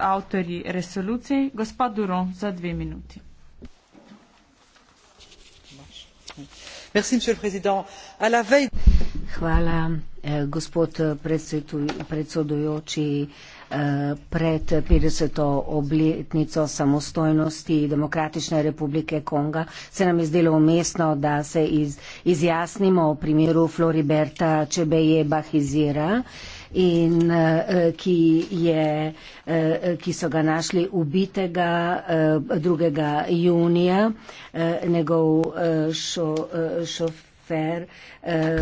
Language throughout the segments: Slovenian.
avtori resolucije, gospod Duro, za dve minuti. Hvala, eh, gospod predsedujoči. Eh, pred 50. obletnico samostojnosti Demokratične republike Konga se nam je zdelo umestno, da se iz, izjasnimo o primeru Floriberta Čebeje Bahizira. Eh, in uh, ki, je, uh, ki so ga našli ubitega uh, eh, 2. junija, uh, njegov uh, šo, uh, šofer šofer eh,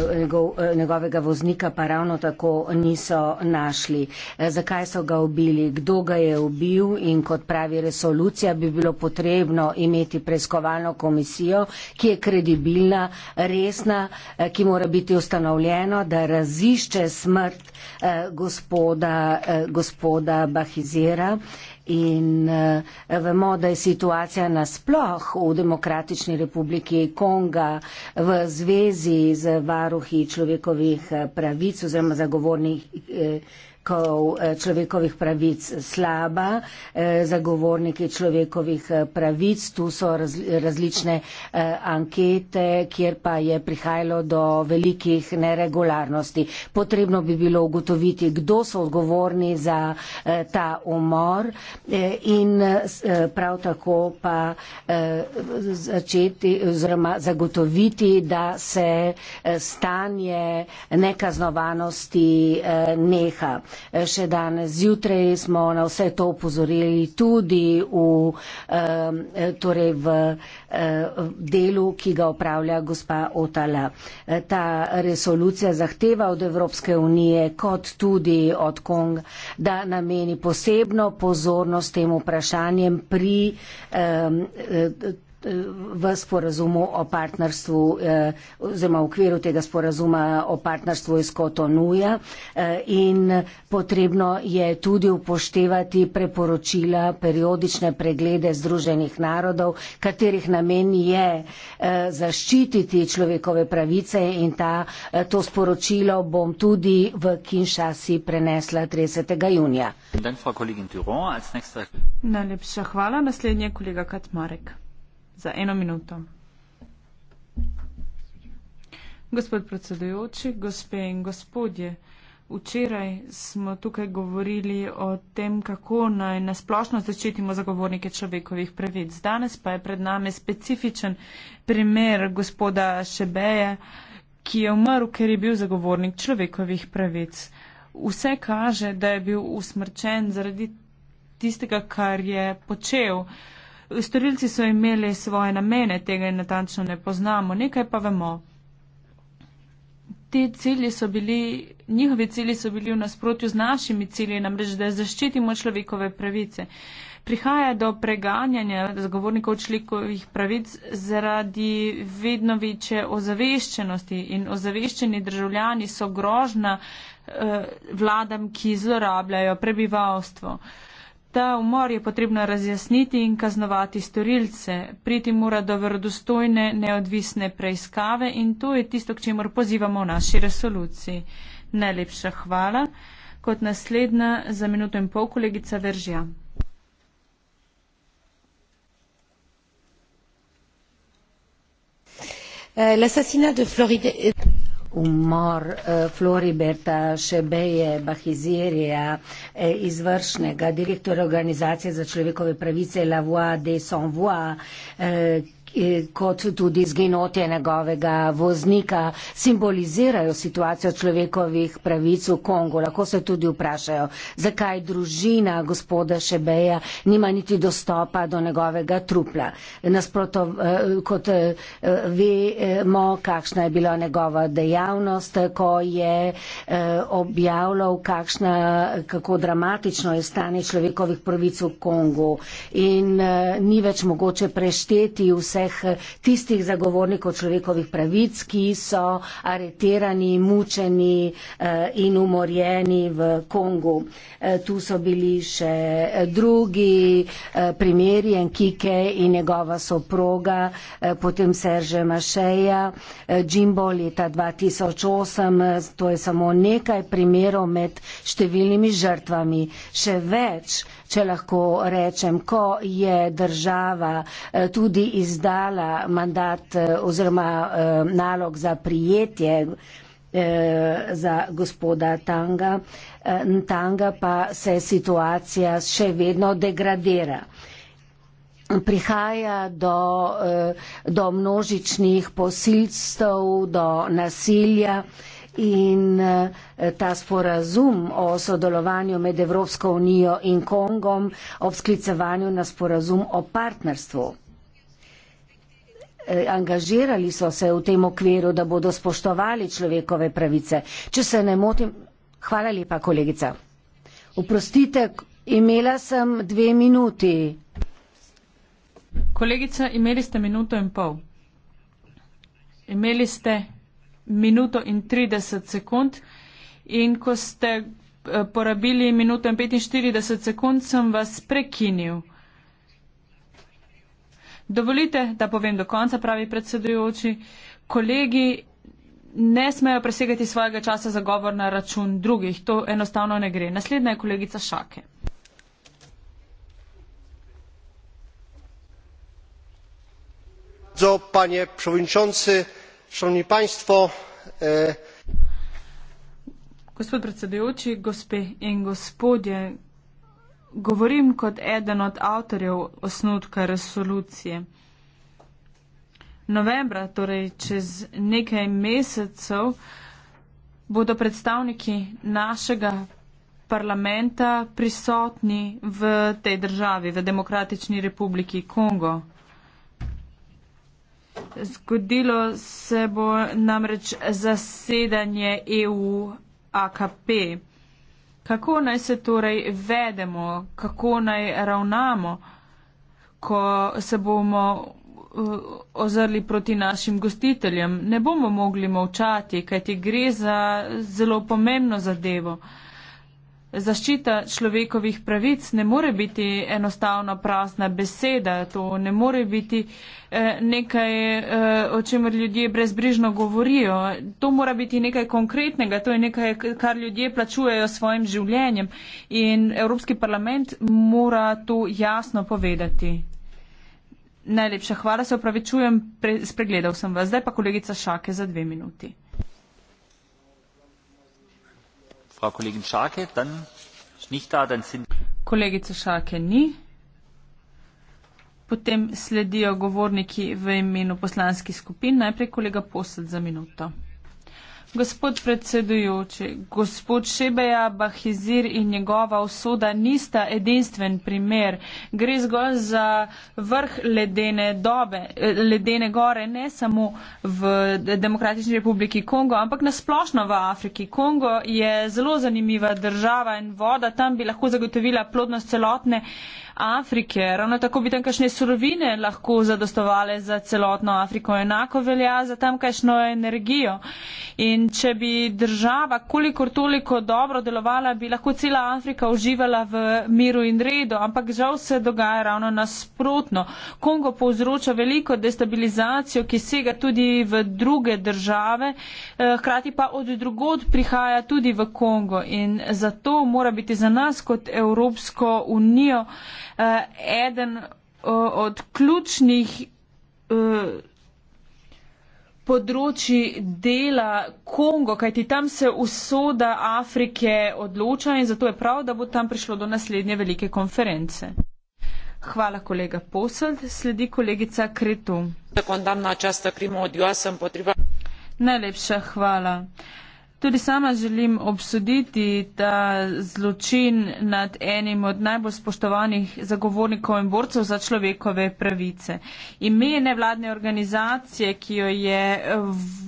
eh, njegovega voznika pa ravno tako niso našli. Eh, zakaj so ga ubili, kdo ga je ubil in kot pravi resolucija bi bilo potrebno imeti preiskovalno komisijo, ki je kredibilna, resna, ki mora biti ustanovljena, da razišče smrt gospoda, gospoda Bahizera. In uh, vemo, da je situacija nasploh v Demokratični republiki Konga v zvezi z varuhi človekovih eh, pravic oziroma zagovornih. Eh, zagovornikov eh, človekovih pravic slaba, eh, zagovorniki človekovih eh, pravic, tu so različne ankete, kjer pa je prihajalo do velikih neregularnosti. Potrebno bi bilo ugotoviti, kdo so odgovorni za ta umor in prav tako pa začeti oziroma zagotoviti, da se stanje nekaznovanosti neha. Eh, še danes zjutraj smo na vse to upozorili tudi v, eh, torej eh, v delu, ki ga upravlja gospa Otala. Ta resolucija zahteva od Evropske unije kot tudi od Kong, da nameni posebno pozornost tem vprašanjem pri v sporazumu o partnerstvu eh, oziroma v okviru tega sporazuma o partnerstvu iz Kotonuja eh, in potrebno je tudi upoštevati preporočila periodične preglede Združenih narodov, katerih namen je eh, zaščititi človekove pravice in ta, to sporočilo bom tudi v Kinshasi prenesla 30. junija. Najlepša hvala, naslednji je kolega Katmarek za eno minuto. Gospod predsedujoči, gospe in gospodje, včeraj smo tukaj govorili o tem, kako naj nasplošno zaščitimo zagovornike človekovih pravic. Danes pa je pred nami specifičen primer gospoda Šebeje, ki je umrl, ker je bil zagovornik človekovih pravic. Vse kaže, da je bil usmrčen zaradi tistega, kar je počel. Uh, Storilci so imeli svoje namene, tega natančno ne poznamo, nekaj pa vemo. Ti cilji so bili, njihovi cilji so bili v nasprotju z našimi cilji, namreč da zaščitimo človekove pravice. Prihaja do preganjanja zagovornikov človekovih pravic zaradi vedno večje ozaveščenosti in ozaveščeni državljani so grožna eh, vladam, ki zlorabljajo prebivalstvo. Eh, Ta umor je potrebno razjasniti in kaznovati storilce. Priti mora do verodostojne, neodvisne preiskave in to je tisto, k čemu pozivamo v naši resoluciji. Najlepša hvala. Kot naslednja za minuto in pol kolegica Veržja. Eh, l'assassinat de Floride umor eh, Floriberta Šebeje Bahizirija, eh, izvršnega direktora organizacije za človekove pravice La Voix des Sans Voix, eh, Eh, kot tudi zginotje njegovega voznika simbolizirajo situacijo človekovih pravic v Kongu. Lahko se tudi vprašajo, zakaj družina gospoda Šebeja nima niti dostopa do njegovega trupla. Nasproto, eh, kot eh, vemo, kakšna je bila njegova dejavnost, ko je objavljal, kakšna, kako dramatično je stanje človekovih pravic v Kongu. In ni več mogoče prešteti vse vseh tistih zagovornikov človekovih pravic, ki so areterani, mučeni eh, in umorjeni v Kongu. Eh, tu so bili še eh, drugi primeri, Enkike in njegova soproga, potem Serže Mašeja, Džimbo leta 2008, to je samo nekaj primerov med številnimi žrtvami. Še več če lahko rečem, ko je država eh, tudi izdala mandat eh, oziroma eh, nalog za prijetje za gospoda Tanga, Tanga pa se situacija še vedno degradira. Prihaja do, do množičnih posilstv, do nasilja in eh, ta sporazum o sodelovanju med Evropsko unijo in Kongom ob sklicevanju na sporazum o partnerstvu. Eh, angažirali so se v tem okviru, da bodo spoštovali človekove pravice. Če se ne motim. Hvala lepa, kolegica. Uprostite, imela sem dve minuti. Kolegica, imeli ste minuto in pol. Imeli ste minuto in 30 sekund. In ko ste eh, porabili minuto in 45 sekund, sem vas prekinil. Dovolite, da povem do konca, pravi predsedujoči. Kolegi ne smejo presegati svojega časa za govor na račun drugih. To enostavno ne gre. Naslednja je kolegica Šake. Panie przewodniczący, E, gospod predsedujoči, gospe in gospodje, govorim kot eden od avtorjev osnutka resolucije. Novembra, torej čez nekaj mesecev, bodo predstavniki našega parlamenta prisotni v tej državi, v Demokratični republiki Kongo zgodilo se bo namreč zasedanje EU AKP. Kako naj se torej vedemo, kako naj ravnamo, ko se bomo uh, ozrli proti našim gostiteljem? Ne bomo mogli molčati, kajti gre za zelo pomembno zadevo zaščita človekovih pravic ne more biti enostavno prazna beseda, to ne more biti eh, nekaj, eh, o čemer ljudje brezbrižno govorijo. To mora biti nekaj konkretnega, to je nekaj, kar ljudje plačujejo svojim življenjem in Evropski parlament mora to jasno povedati. Najlepša hvala, se opravičujem, spregledal sem vas. Zdaj pa kolegica Šake za dve minuti. Kolegice Šake ni. Potem sledijo govorniki v imenu poslanskih skupin. Najprej kolega Posed za minuto. Gospod predsedujoči, gospod Šebeja, Bahizir in njegova usoda nista edinstven primer. Gre zgolj za vrh ledene, dobe, eh, ledene gore, ne samo v Demokratični republiki Kongo, ampak nasplošno v Afriki. Kongo je zelo zanimiva država in voda tam bi lahko zagotovila plodnost celotne. Afrike. Ravno tako bi tamkajšnje surovine lahko zadostovale za celotno Afriko, enako velja za tamkajšno energijo. In če bi država kolikor toliko dobro delovala, bi lahko cela Afrika uživala v miru in redu, ampak žal se dogaja ravno nasprotno. Kongo povzroča veliko destabilizacijo, ki sega tudi v druge države, eh, hkrati pa od drugod prihaja tudi v Kongo. In zato mora biti za nas kot Evropsko unijo Eh, eden uh, od ključnih uh, eh, področji dela Kongo, kajti tam se usoda Afrike odloča in zato je prav, da bo tam prišlo do naslednje velike konference. Hvala, kolega Posold. Sledi kolegica Kretu. Najlepša hvala. Uh, Tudi sama želim obsoditi ta zločin nad enim od najbolj spoštovanih zagovornikov in borcev za človekove pravice. Ime nevladne organizacije, ki jo je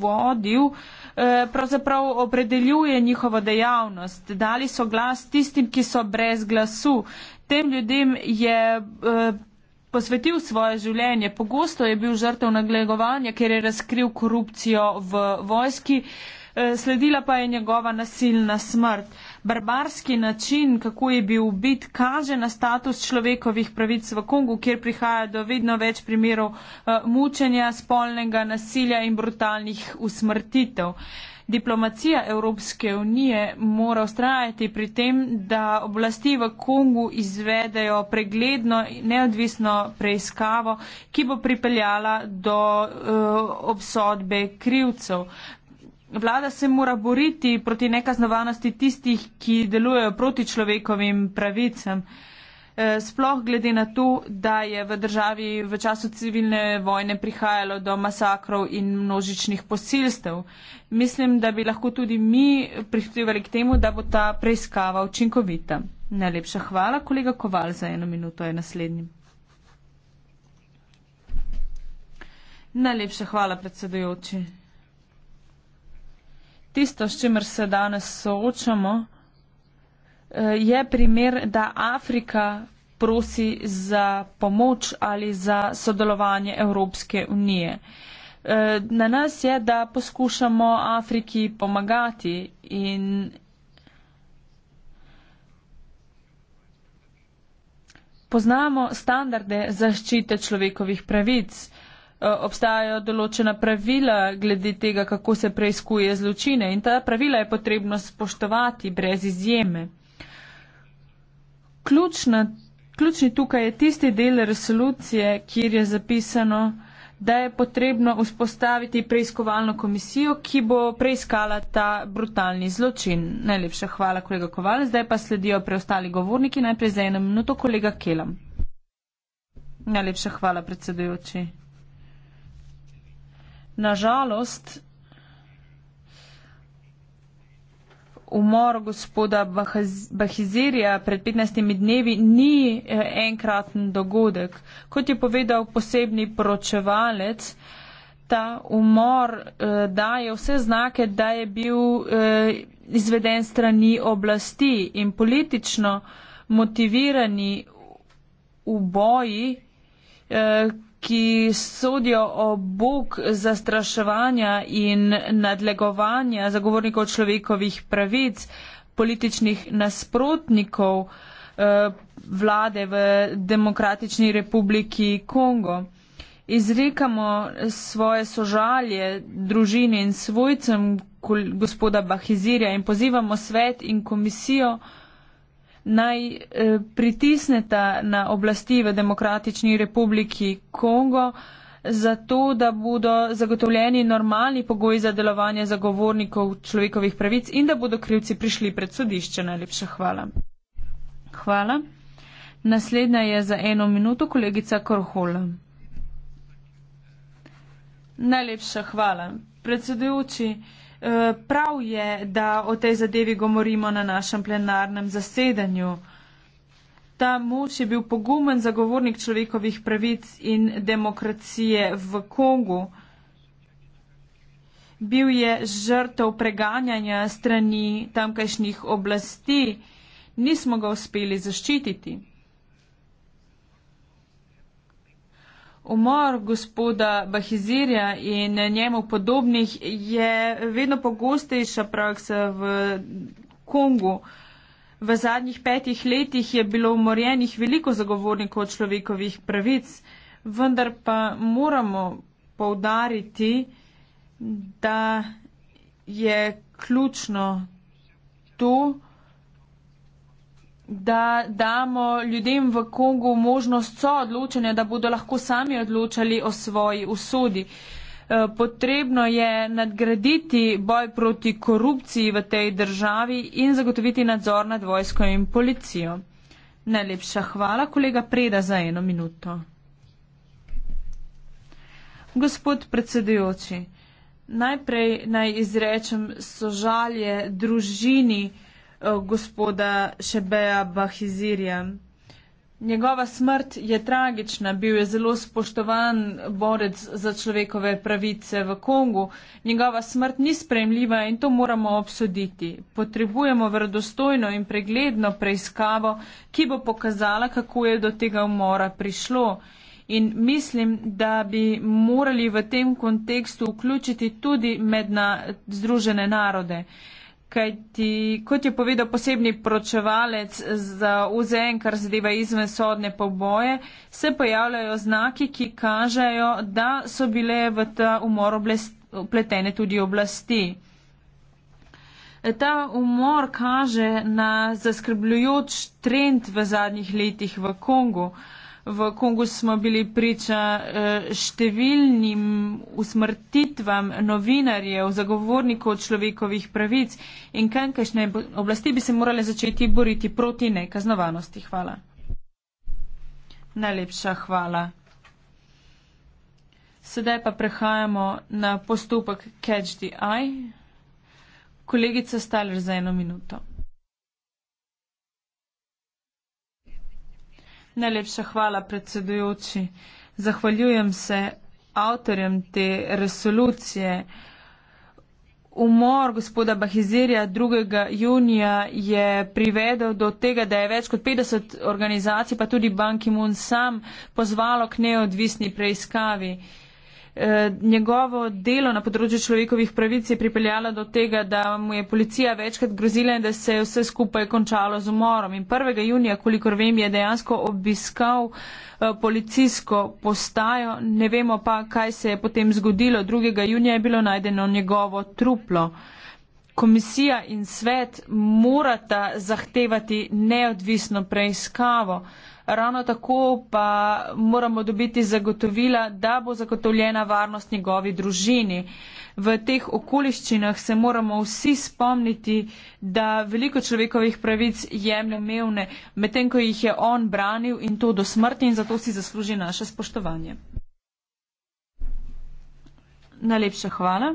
vodil, eh, pravzaprav opredeljuje njihovo dejavnost. Dali so glas tistim, ki so brez glasu. Tem ljudem je eh, posvetil svoje življenje. Pogosto je bil žrtev naglegovanja, ker je razkril korupcijo v vojski. Eh, sledila pa je njegova nasilna smrt. Barbarski način, kako je bil ubit, kaže na status človekovih pravic v Kongu, kjer prihaja do vedno več primerov eh, mučenja, spolnega nasilja in brutalnih usmrtitev. Diplomacija Evropske unije mora ustrajati pri tem, da oblasti v Kongu izvedejo pregledno in neodvisno preiskavo, ki bo pripeljala do uh, obsodbe krivcev. Vlada se mora boriti proti nekaznovanosti tistih, ki delujejo proti človekovim pravicam. E, sploh glede na to, da je v državi v času civilne vojne prihajalo do masakrov in množičnih posilstev. Mislim, da bi lahko tudi mi prihtevali k temu, da bo ta preiskava učinkovita. Najlepša hvala, kolega Koval, za eno minuto je naslednji. Najlepša hvala, predsedujoči tisto, s čimer se danes soočamo, eh, je primer, da Afrika prosi za pomoč ali za sodelovanje Evropske unije. Eh, na nas je, da poskušamo Afriki pomagati in poznamo standarde zaščite človekovih pravic. Eh, obstajajo določena pravila glede tega, kako se preizkuje zločine in ta pravila je potrebno spoštovati brez izjeme. Ključna, ključni tukaj je tisti del resolucije, kjer je zapisano, da je potrebno vzpostaviti preiskovalno komisijo, ki bo preiskala ta brutalni zločin. Najlepša hvala, kolega Koval. Zdaj pa sledijo preostali govorniki. Najprej za eno minuto, kolega Kelam. Najlepša hvala, predsedujoči nažalost umor gospoda Bahizirja pred 15 dnevi ni eh, enkraten dogodek. Kot je povedal posebni poročevalec, ta umor eh, daje vse znake, da je bil eh, izveden strani oblasti in politično motivirani uboji, eh, ki sodijo o bog zastraševanja in nadlegovanja zagovornikov človekovih pravic, političnih nasprotnikov eh, vlade v Demokratični republiki Kongo. Izrekamo svoje sožalje družini in svojcem gospoda Bahizirja in pozivamo svet in komisijo, naj eh, pritisneta na oblasti v Demokratični republiki Kongo, zato da bodo zagotovljeni normalni pogoji za delovanje zagovornikov človekovih pravic in da bodo krivci prišli pred sodišče. Najlepša hvala. Hvala. Naslednja je za eno minuto kolegica Korhola. Najlepša hvala. Predsedujoči, Eh, prav je, da o tej zadevi govorimo na našem plenarnem zasedanju. Ta mož je bil pogumen zagovornik človekovih pravic in demokracije v Kongu. Bil je žrtev preganjanja strani tamkajšnjih oblasti. Nismo ga uspeli zaščititi. Umor gospoda Bahizirja in njemu podobnih je vedno pogostejša praksa v Kongu. V zadnjih petih letih je bilo umorjenih veliko zagovornikov človekovih pravic, vendar pa moramo povdariti, da je ključno to, da damo ljudem v Kongu možnost soodločanja, da bodo lahko sami odločali o svoji usodi. Eh, potrebno je nadgraditi boj proti korupciji v tej državi in zagotoviti nadzor nad vojsko in policijo. Najlepša hvala, kolega Preda, za eno minuto. Gospod predsedujoči, najprej naj izrečem sožalje družini, Eh, gospoda Šebeja Bahizirja. Njegova smrt je tragična, bil je zelo spoštovan borec za človekove pravice v Kongu. Njegova smrt ni sprejemljiva in to moramo obsoditi. Potrebujemo vredostojno in pregledno preiskavo, ki bo pokazala, kako je do tega umora prišlo. In mislim, da bi morali v tem kontekstu vključiti tudi med na združene narode. Uh, Kajti, kot je povedal posebni pročevalec za UZN, kar zadeva izven sodne poboje, se pojavljajo znaki, ki kažejo, da so bile v ta umor upletene tudi oblasti. Ta umor kaže na zaskrbljujoč trend v zadnjih letih v Kongu. Uh, V Kongu smo bili priča eh, številnim usmrtitvam novinarjev, zagovornikov človekovih pravic in kankašne oblasti bi se morale začeti boriti proti nekaznovanosti. Hvala. Najlepša hvala. Sedaj pa prehajamo na postopek Catch the Eye. Kolegica Staler za eno minuto. Najlepša hvala, predsedujoči. Zahvaljujem se avtorjem te resolucije. Umor gospoda Bahizirja 2. junija je privedel do tega, da je več kot 50 organizacij, pa tudi Banki Mun sam, pozvalo k neodvisni preiskavi. Eh, njegovo delo na področju človekovih pravic je pripeljalo do tega, da mu je policija večkrat grozila in da se je vse skupaj končalo z umorom. In 1. junija, kolikor vem, je dejansko obiskal eh, policijsko postajo, ne vemo pa, kaj se je potem zgodilo. 2. junija je bilo najdeno njegovo truplo. Komisija in svet morata zahtevati neodvisno preiskavo ravno tako pa moramo dobiti zagotovila, da bo zagotovljena varnost njegovi družini. V teh okoliščinah se moramo vsi spomniti, da veliko človekovih pravic jemlje mevne, medtem ko jih je on branil in to do smrti in zato si zasluži naše spoštovanje. Najlepša hvala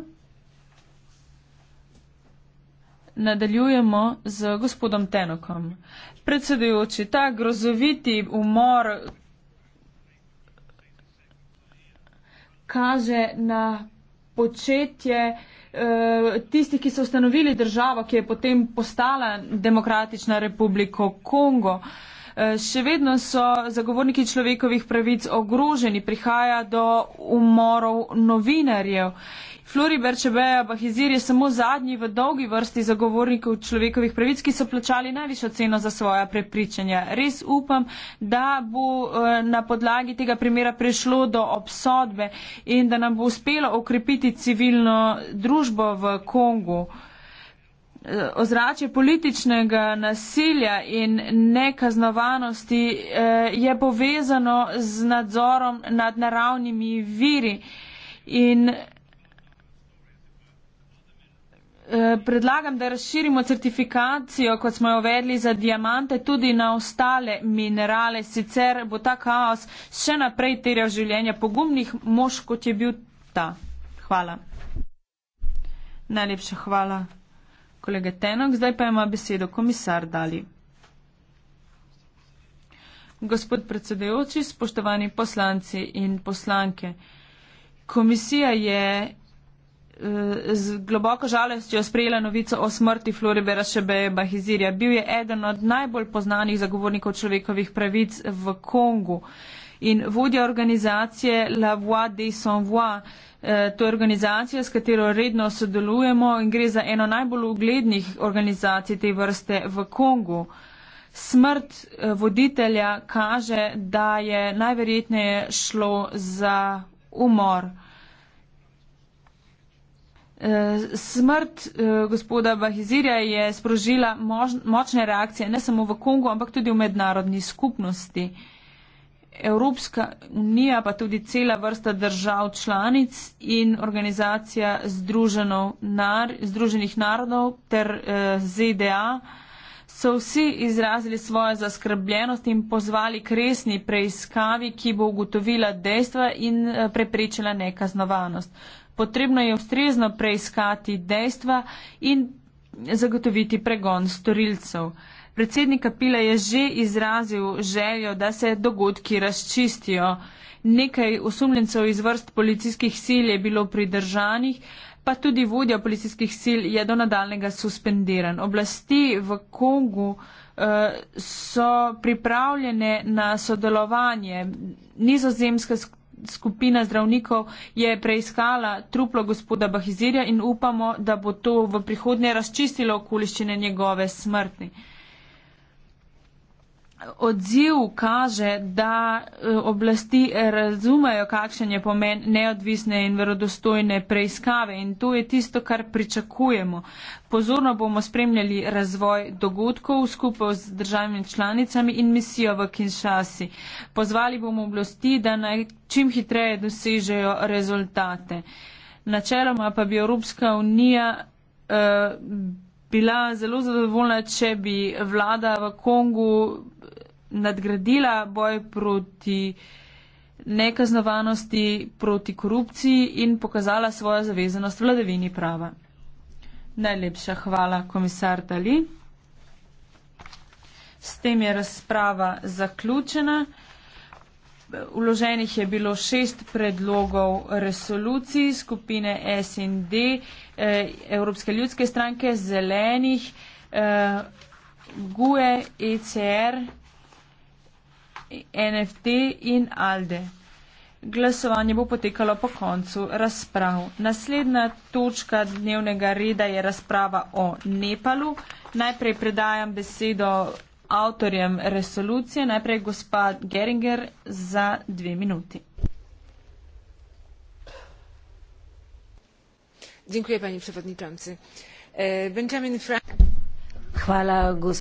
nadaljujemo z gospodom Tenokom. Predsedujoči, ta grozoviti umor kaže na početje eh, tistih, ki so ustanovili državo, ki je potem postala demokratična republiko Kongo. Eh, še vedno so zagovorniki človekovih pravic ogroženi, prihaja do umorov novinarjev. Floriber Čebeja Bahizir je samo zadnji v dolgi vrsti zagovornikov človekovih pravic, ki so plačali najvišjo ceno za svoja prepričanja. Res upam, da bo eh, na podlagi tega primera prišlo do obsodbe in da nam bo uspelo okrepiti civilno družbo v Kongu. Eh, ozračje političnega nasilja in nekaznovanosti eh, je povezano z nadzorom nad naravnimi viri. In Eh, predlagam, da razširimo certifikacijo, kot smo jo uvedli za diamante, tudi na ostale minerale. Sicer bo ta kaos še naprej terjal življenja pogumnih mož, kot je bil ta. Hvala. Najlepša hvala, kolega Tenok. Zdaj pa ima besedo komisar Dali. Gospod predsedajoči, spoštovani poslanci in poslanke. Komisija je Eh, z globoko žalostjo sprejela novico o smrti Floribera Šebeje Bahizirja. Bil je eden od najbolj poznanih zagovornikov človekovih pravic v Kongu. In vodja organizacije La Voix des Sans Voix, eh, to je organizacija, s katero redno sodelujemo in gre za eno najbolj uglednih organizacij te vrste v Kongu. Smrt eh, voditelja kaže, da je najverjetneje šlo za umor. Eh, smrt eh, gospoda Bahizirja je sprožila močne reakcije ne samo v Kongu, ampak tudi v mednarodni skupnosti. Evropska unija, pa tudi cela vrsta držav članic in organizacija Združenih narodov ter eh, ZDA so vsi izrazili svojo zaskrbljenost in pozvali k resni preiskavi, ki bo ugotovila dejstva in preprečila nekaznovanost potrebno je ustrezno preiskati dejstva in zagotoviti pregon storilcev. Predsednik Apila je že izrazil željo, da se dogodki razčistijo. Nekaj osumljencev iz vrst policijskih sil je bilo pridržanih, pa tudi vodja policijskih sil je do nadaljnega suspendiran. Oblasti v Kongu uh, so pripravljene na sodelovanje. Nizozemska skupina zdravnikov je preiskala truplo gospoda Bahizirja in upamo, da bo to v prihodnje razčistilo okoliščine njegove smrti odziv kaže, da e, oblasti razumejo, kakšen je pomen neodvisne in verodostojne preiskave in to je tisto, kar pričakujemo. Pozorno bomo spremljali razvoj dogodkov skupaj z državnimi članicami in misijo v Kinshasi. Pozvali bomo oblasti, da naj čim hitreje dosežejo rezultate. Načeloma pa bi Evropska unija. Uh, bila zelo zadovoljna, če bi vlada v Kongu nadgradila boj proti nekaznovanosti, proti korupciji in pokazala svojo zavezanost vladavini prava. Najlepša hvala, komisar Dali. S tem je razprava zaključena. Uloženih je bilo šest predlogov resolucij skupine SND, eh, Evropske ljudske stranke, Zelenih, eh, GUE, ECR. NFT in ALDE. Glasovanje bo potekalo po koncu razprav. Naslednja točka dnevnega reda je razprava o Nepalu. Najprej predajam besedo avtorjem resolucije, najprej gospa Geringer za dve minuti. E, Hvala, gospod.